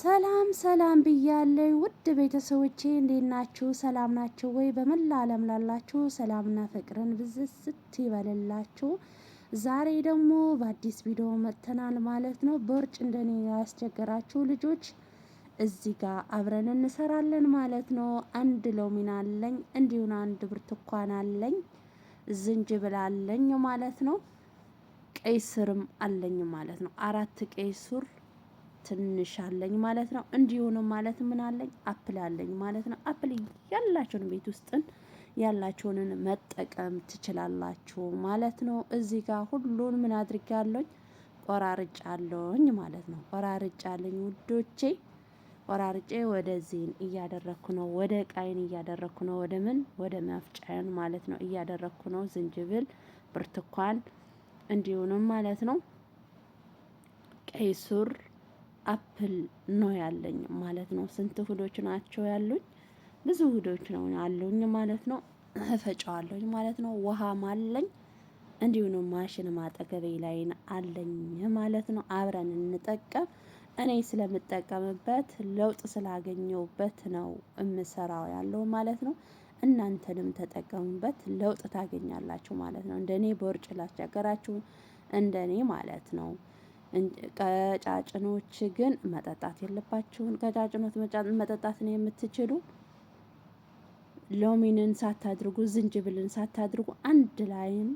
ሰላም ሰላም ብያለሁ ውድ ቤተሰቦቼ እንዴት ናችሁ? ሰላም ናችሁ ወይ? በመላ ዓለም ላላችሁ ሰላምና ፍቅርን ስት ይበልላችሁ። ዛሬ ደግሞ በአዲስ ቪዲዮ መጥተናል ማለት ነው። ቦርጭ እንደኔ ያስቸገራችሁ ልጆች እዚህ ጋር አብረን እንሰራለን ማለት ነው። አንድ ሎሚን አለኝ፣ እንዲሁን አንድ ብርቱካን አለኝ፣ ዝንጅብል አለኝ ማለት ነው። ቀይ ስርም አለኝ ማለት ነው። አራት ቀይ ስር ትንሽ አለኝ ማለት ነው። እንዲሆነ ማለት ምን አለኝ አፕል አለኝ ማለት ነው። አፕል ያላቸውን ቤት ውስጥን ያላቸውንን መጠቀም ትችላላችሁ ማለት ነው። እዚህ ጋር ሁሉን ምን አድርጋለሁ ቆራርጫለሁኝ ቆራርጫ ማለት ነው። ቆራርጫ ውዶቼ፣ ቆራርጬ ወደዚህን እያደረኩ ነው። ወደ ቃይን እያደረኩ ነው። ወደ ምን ወደ መፍጫን ማለት ነው እያደረኩ ነው። ዝንጅብል፣ ብርቱካን እንዲሁንም ማለት ነው ቀይ ሱር አፕል ነው ያለኝ ማለት ነው። ስንት ውህዶች ናቸው ያሉኝ? ብዙ ውህዶች ነው ያሉኝ ማለት ነው። እፈጨዋለሁኝ ማለት ነው። ውሃም አለኝ እንዲሁ ማሽን ማጠገቤ ላይ አለኝ ማለት ነው። አብረን እንጠቀም። እኔ ስለምጠቀምበት ለውጥ ስላገኘውበት ነው እምሰራው ያለው ማለት ነው። እናንተንም ተጠቀሙበት፣ ለውጥ ታገኛላችሁ ማለት ነው። እንደኔ በውርጭ ላስቸገራችሁ እንደኔ ማለት ነው። ቀጫጭኖች ግን መጠጣት የለባችሁን። ቀጫጭኖች መጠጣት ነው የምትችሉ ሎሚንን ሳታድርጉ ዝንጅብልን ሳታድርጉ አንድ ላይም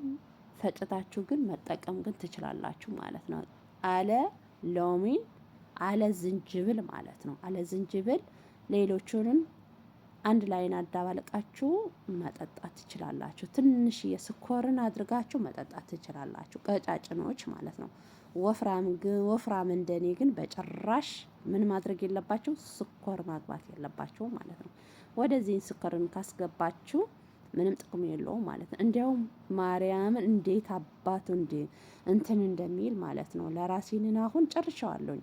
ፈጭታችሁ ግን መጠቀም ግን ትችላላችሁ ማለት ነው። አለ ሎሚን አለ ዝንጅብል ማለት ነው። አለ ዝንጅብል ሌሎቹንም አንድ ላይን አዳባልቃችሁ መጠጣት ትችላላችሁ። ትንሽዬ ስኮርን አድርጋችሁ መጠጣት ትችላላችሁ። ቀጫጭኖች ማለት ነው። ወፍራም ግን ወፍራም እንደኔ ግን በጭራሽ ምን ማድረግ የለባቸው ስኳር ማግባት የለባቸው ማለት ነው። ወደዚህን ስኳርን ካስገባችሁ ምንም ጥቅም የለውም ማለት ነው። እንዲያውም ማርያምን እንዴት አባቱ እንዴ እንትን እንደሚል ማለት ነው። ለራሴንን አሁን ጨርሻዋለሁኝ።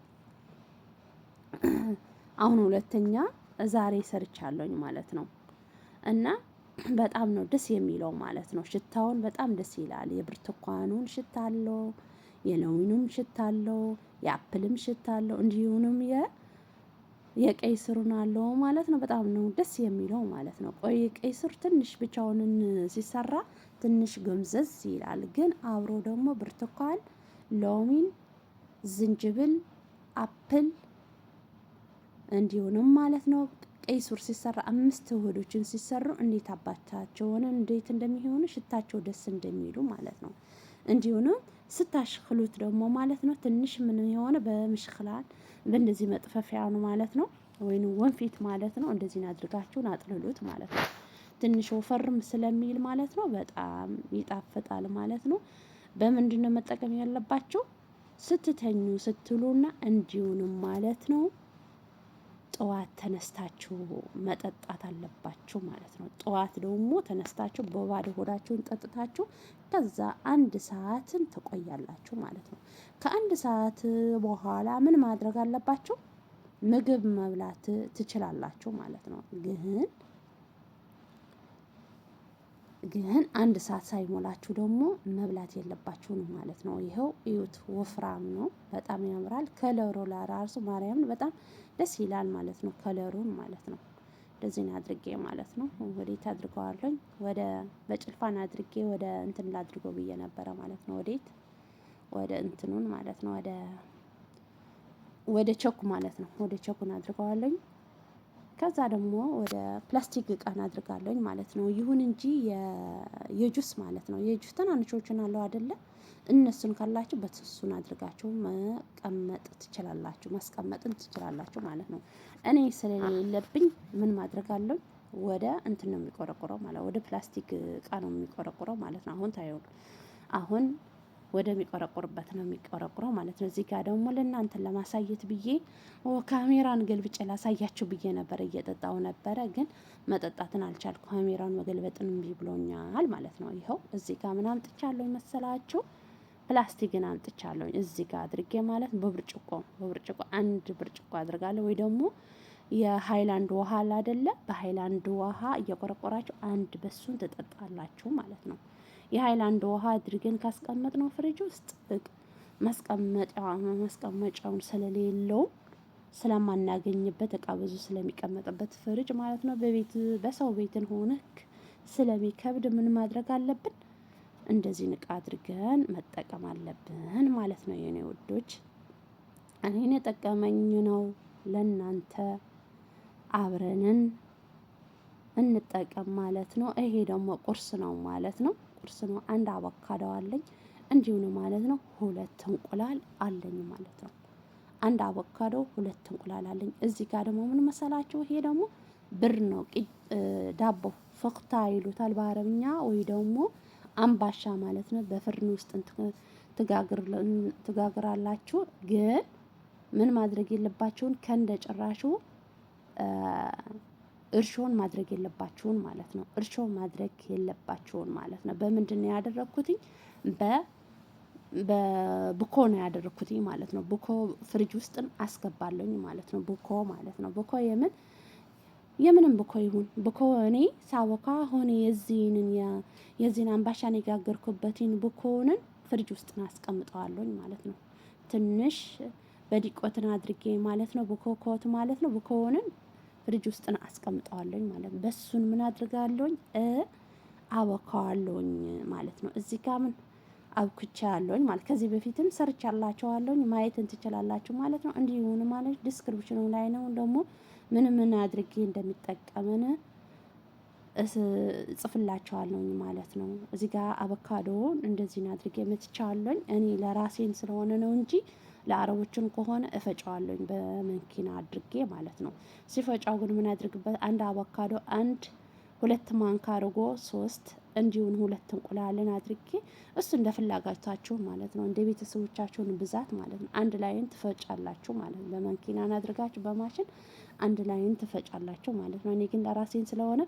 አሁን ሁለተኛ ዛሬ ሰርቻለሁኝ ማለት ነው እና በጣም ነው ደስ የሚለው ማለት ነው። ሽታውን በጣም ደስ ይላል። የብርቱካኑን ሽታ አለው። የሎሚኑም ሽታ አለው፣ የአፕልም ሽታ አለው፣ እንዲሁንም የቀይ ስሩን አለው ማለት ነው። በጣም ነው ደስ የሚለው ማለት ነው። ቆይ ቀይ ስር ትንሽ ብቻውንን ሲሰራ ትንሽ ጎምዘዝ ይላል፣ ግን አብሮ ደግሞ ብርቱካን፣ ሎሚን፣ ዝንጅብል፣ አፕል እንዲሁንም ማለት ነው ቀይ ሲሰራ አምስት ውህዶችን ሲሰሩ እንዴት አባታቸው እንዴት እንደሚሆኑ ሽታቸው ደስ እንደሚሉ ማለት ነው። እንዲሁንም ስታሽክሉት ደግሞ ማለት ነው ትንሽ ምን የሆነ በምሽክላል በእንደዚህ መጥፈፊያ ነው ማለት ነው፣ ወይም ወንፊት ማለት ነው። እንደዚህ አድርጋችሁን አጥልሉት ማለት ነው። ትንሽ ወፈርም ስለሚል ማለት ነው በጣም ይጣፍጣል ማለት ነው። በምንድን ነው መጠቀም ያለባችሁ? ስትተኙ ስትሉና እንዲሁንም ማለት ነው ጠዋት ተነስታችሁ መጠጣት አለባችሁ ማለት ነው። ጠዋት ደግሞ ተነስታችሁ በባዶ ሆዳችሁን ጠጥታችሁ ከዛ አንድ ሰዓትን ትቆያላችሁ ማለት ነው። ከአንድ ሰዓት በኋላ ምን ማድረግ አለባችሁ? ምግብ መብላት ትችላላችሁ ማለት ነው ግን ግን አንድ ሰዓት ሳይሞላችሁ ደግሞ መብላት የለባችሁንም ማለት ነው። ይኸው እዩት፣ ወፍራም ነው፣ በጣም ያምራል። ከለሩ ለራሱ ማርያምን በጣም ደስ ይላል ማለት ነው። ከለሩን ማለት ነው። እንደዚህን አድርጌ ማለት ነው። ወዴት አድርገዋለኝ? ወደ በጭልፋን አድርጌ ወደ እንትን ላድርጎ ብዬ ነበረ ማለት ነው። ወዴት ወደ እንትኑን ማለት ነው። ወደ ወደ ቸኩ ማለት ነው። ወደ ቸኩን አድርገዋለኝ። ከዛ ደግሞ ወደ ፕላስቲክ እቃን አድርጋለኝ ማለት ነው። ይሁን እንጂ የጁስ ማለት ነው የጁስ ትናንሾችን አለው አይደለ? እነሱን ካላችሁ በትሱን አድርጋችሁ መቀመጥ ትችላላችሁ፣ ማስቀመጥን ትችላላችሁ ማለት ነው። እኔ ስለሌለብኝ ምን ማድረግ አለው ወደ እንትን ነው የሚቆረቁረው ማለት ወደ ፕላስቲክ እቃ ነው የሚቆረቆረው ማለት ነው። አሁን ታየው አሁን ወደሚቆረቆርበት ነው የሚቆረቁረው ማለት ነው። እዚህ ጋር ደግሞ ለእናንተን ለማሳየት ብዬ ካሜራን ገልብጬ ላሳያችሁ ብዬ ነበረ። እየጠጣው ነበረ ግን መጠጣትን አልቻልኩ። ካሜራን መገልበጥን እምቢ ብሎኛል ማለት ነው። ይኸው እዚህ ጋር ምን አምጥቻለሁ መሰላችሁ? ፕላስቲክን አምጥቻለሁኝ እዚህ ጋር አድርጌ ማለት በብርጭቆ በብርጭቆ አንድ ብርጭቆ አድርጋለሁ ወይ ደግሞ የሀይላንድ ውሃ አላደለ በሀይላንድ ውሃ እየቆረቆራችሁ አንድ በሱን ትጠጣላችሁ ማለት ነው። የሀይላንድ ውሃ አድርገን ካስቀመጥ ነው ፍሪጅ ውስጥ ማስቀመጫ ማስቀመጫውን ስለሌለው ስለማናገኝበት እቃ ብዙ ስለሚቀመጥበት ፍሪጅ ማለት ነው። በቤት በሰው ቤትን ሆነክ ስለሚከብድ ምን ማድረግ አለብን? እንደዚህ እቃ አድርገን መጠቀም አለብን ማለት ነው። የኔ ውዶች እኔን የጠቀመኝ ነው። ለእናንተ አብረንን እንጠቀም ማለት ነው። ይሄ ደግሞ ቁርስ ነው ማለት ነው። ቁርስ ነው። አንድ አቮካዶ አለኝ እንዲሁ ነው ማለት ነው። ሁለት እንቁላል አለኝ ማለት ነው። አንድ አቮካዶ ሁለት እንቁላል አለኝ። እዚህ ጋር ደግሞ ምን መሰላችሁ? ይሄ ደግሞ ብር ነው። ዳቦ ፎክታ ይሉታል በአረብኛ ወይ ደግሞ አምባሻ ማለት ነው። በፍርን ውስጥ ትጋግራላችሁ። ግን ምን ማድረግ የለባችሁን ከእንደ ጭራሹ እርሾን ማድረግ የለባችሁን ማለት ነው። እርሾ ማድረግ የለባችሁን ማለት ነው። በምንድን ነው ያደረግኩትኝ? በ በቡኮ ነው ያደረግኩትኝ ማለት ነው። ቡኮ ፍሪጅ ውስጥን አስገባለኝ ማለት ነው። ቡኮ ማለት ነው። ቡኮ የምን የምንም ብኮ ይሁን ብኮ እኔ ሳቦካ ሆነ የዚህንን የዚህን አምባሻን የጋገርኩበትን ብኮንን ፍሪጅ ውስጥ አስቀምጠዋለኝ ማለት ነው። ትንሽ በዲቆትን አድርጌ ማለት ነው። ብኮ ኮት ማለት ነው። ብኮንን ፍሪጅ ውስጥ ነው አስቀምጠዋለሁኝ ማለት ነው። በሱን ምን አድርጋለሁኝ እ አቦካዋለሁኝ ማለት ነው። እዚህ ጋር ምን አብኩቻለሁኝ ማለት ከዚህ በፊትም ሰርች አላቸዋለሁኝ ማየትን ትችላላችሁ ማለት ነው። እንዲሁን ማለት ዲስክሪፕሽኑ ላይ ነው ደግሞ ምን ምን አድርጌ እንደሚጠቀምን እጽፍላቸዋለሁኝ ማለት ነው። እዚህ ጋር አቮካዶውን እንደዚህ አድርጌ መትቻለሁኝ እኔ ለራሴን ስለሆነ ነው እንጂ ለአረቦችም ከሆነ እፈጫዋለኝ በመኪና አድርጌ ማለት ነው። ሲፈጫው ግን ምን አድርግበት አንድ አቮካዶ አንድ ሁለት ማንካ አርጎ ሶስት እንዲሁን ሁለት እንቁላልን አድርጌ እሱ እንደ ፍላጎታችሁ ማለት ነው፣ እንደ ቤተሰቦቻችሁን ብዛት ማለት ነው። አንድ ላይን ትፈጫላችሁ ማለት ነው። በመኪናን አድርጋችሁ በማሽን አንድ ላይን ትፈጫላችሁ ማለት ነው። እኔ ግን ለራሴን ስለሆነ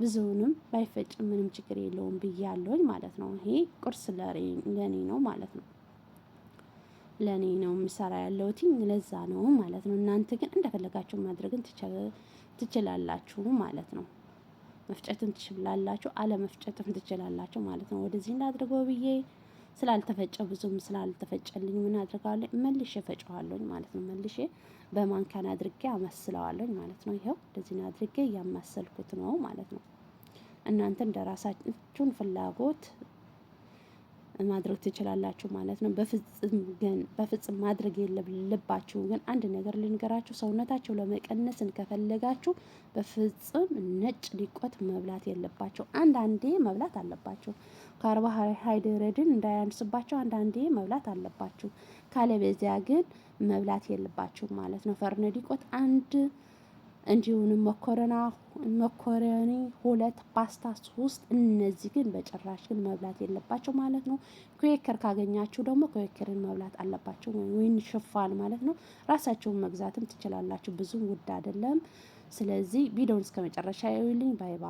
ብዙውንም ባይፈጭም ምንም ችግር የለውም ብያለሁኝ ማለት ነው። ይሄ ቁርስ ለእኔ ነው ማለት ነው። ለእኔ ነው የምሰራ ያለውትኝ ለዛ ነው ማለት ነው። እናንተ ግን እንደፈለጋችሁ ማድረግን ትችላላችሁ ማለት ነው። መፍጨትም ትችላላችሁ አለመፍጨትም ትችላላችሁ ማለት ነው። ወደዚህ እንዳድርገው ብዬ ስላልተፈጨ ብዙም ስላልተፈጨልኝ ምን አድርገዋለኝ መልሼ ፈጨዋለኝ ማለት ነው። መልሼ በማንካን አድርጌ አመስለዋለኝ ማለት ነው። ይኸው እንደዚህ አድርጌ እያማሰልኩት ነው ማለት ነው። እናንተ እንደ ራሳችሁን ፍላጎት ማድረግ ትችላላችሁ ማለት ነው። በፍጹም ግን በፍጹም ማድረግ የለባችሁ ግን አንድ ነገር ልንገራችሁ፣ ሰውነታቸው ለመቀነስን ከፈለጋችሁ በፍጹም ነጭ ሊቆት መብላት የለባቸው። አንዳንዴ መብላት አለባቸው። ካርቦሃይድሬትን እንዳያንስባቸው አንዳንዴ መብላት አለባችሁ። ካለበዚያ ግን መብላት የለባችሁ ማለት ነው። ፈርነ ሊቆት አንድ እንዲሁን መኮረና መኮረኒ ሁለት ፓስታ ሶስት። እነዚህ ግን በጭራሽ ግን መብላት የለባቸው ማለት ነው። ኩዌከር ካገኛችሁ ደግሞ ኩዌከርን መብላት አለባቸው ወይን ሽፋን ማለት ነው። ራሳቸውን መግዛትም ትችላላችሁ፣ ብዙም ውድ አይደለም። ስለዚህ ቪዲዮውን እስከ መጨረሻ ያዩልኝ። ባይ ባይ